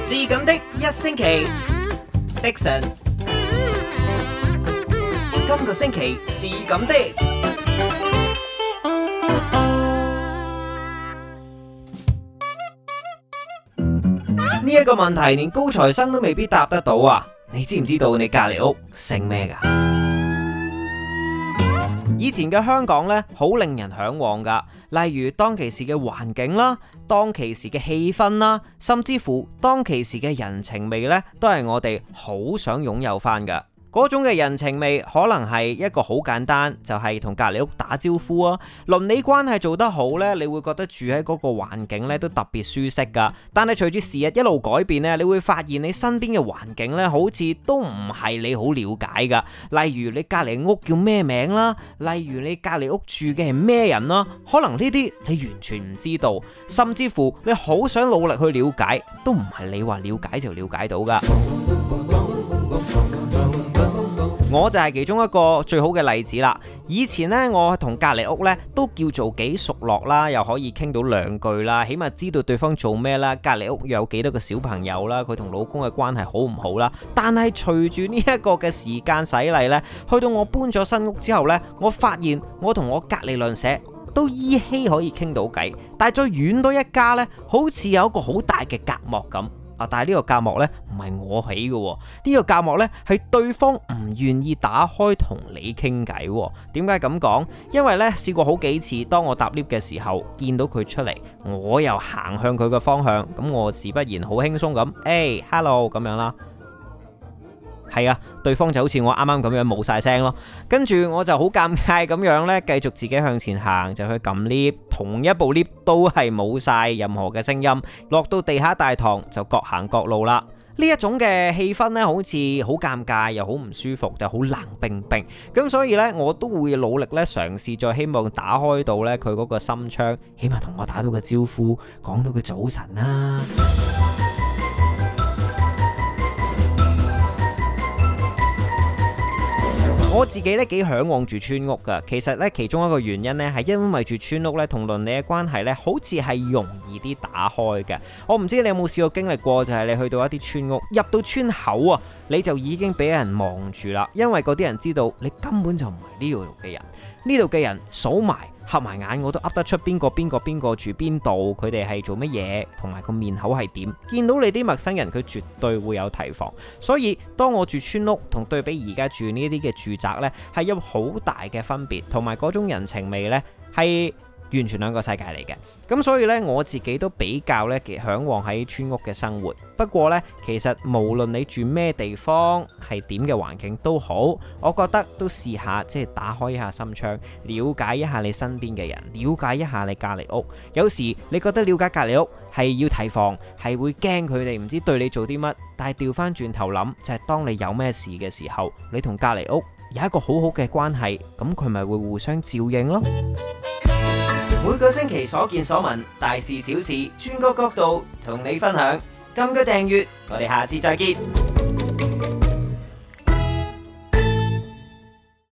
是咁的一星期，Dixon。今個星期是咁的。呢一個問題連高材生都未必答得到啊！你知唔知道你隔籬屋姓咩噶？以前嘅香港咧，好令人向往噶。例如當其時嘅環境啦，當其時嘅氣氛啦，甚至乎當其時嘅人情味咧，都係我哋好想擁有翻噶。嗰種嘅人情味，可能係一個好簡單，就係同隔籬屋打招呼啊。鄰里關係做得好呢，你會覺得住喺嗰個環境呢都特別舒適噶。但係隨住時日一路改變呢，你會發現你身邊嘅環境呢好似都唔係你好了解噶。例如你隔籬屋叫咩名啦，例如你隔籬屋住嘅係咩人啦，可能呢啲你完全唔知道，甚至乎你好想努力去了解，都唔係你話了解就了解到噶。 我就係其中一個最好嘅例子啦。以前呢，我同隔籬屋呢都叫做幾熟絡啦，又可以傾到兩句啦，起碼知道對方做咩啦，隔籬屋有幾多個小朋友啦，佢同老公嘅關係好唔好啦。但係隨住呢一個嘅時間洗禮呢，去到我搬咗新屋之後呢，我發現我同我隔籬鄰舍都依稀可以傾到偈，但係再遠多一家呢，好似有一個好大嘅隔膜咁。但係呢個隔膜呢，唔係我起嘅，呢、呢個隔膜呢，係對方唔願意打開同你傾偈。點解咁講？因為呢，試過好幾次，當我搭 lift 嘅時候，見到佢出嚟，我又行向佢嘅方向，咁我自不然好輕鬆咁，誒、hey，hello 咁樣啦。係啊，對方就好似我啱啱咁樣冇晒聲咯，跟住我就好尷尬咁樣呢，繼續自己向前行，就去撳 lift，同一部 lift 都係冇晒任何嘅聲音，落到地下大堂就各行各路啦。呢一種嘅氣氛呢，好似好尷尬，又好唔舒服，就好冷冰冰。咁所以呢，我都會努力呢，嘗試再希望打開到呢佢嗰個心窗，起碼同我打到個招呼，講到佢早晨啦、啊。我自己咧幾向往住村屋噶，其實咧其中一個原因咧，係因為住村屋咧同鄰里嘅關係咧，好似係容易啲打開嘅。我唔知你有冇試過經歷過，就係你去到一啲村屋，入到村口啊，你就已經俾人望住啦，因為嗰啲人知道你根本就唔係呢度嘅人，呢度嘅人數埋。合埋眼我都噏得出邊個邊個邊個住邊度，佢哋係做乜嘢，同埋個面口係點。見到你啲陌生人，佢絕對會有提防。所以當我住村屋，同對比而家住呢啲嘅住宅呢，係有好大嘅分別，同埋嗰種人情味呢，係。完全兩個世界嚟嘅，咁所以呢，我自己都比較咧，其實向往喺村屋嘅生活。不過呢，其實無論你住咩地方，係點嘅環境都好，我覺得都試下，即係打開一下心窗，了解一下你身邊嘅人，了解一下你隔籬屋。有時你覺得了解隔籬屋係要提防，係會驚佢哋唔知對你做啲乜，但係調翻轉頭諗，就係、是、當你有咩事嘅時候，你同隔籬屋有一個好好嘅關係，咁佢咪會互相照應咯。每個星期所見所聞，大事小事，轉個角度同你分享。撳個訂閱，我哋下次再見。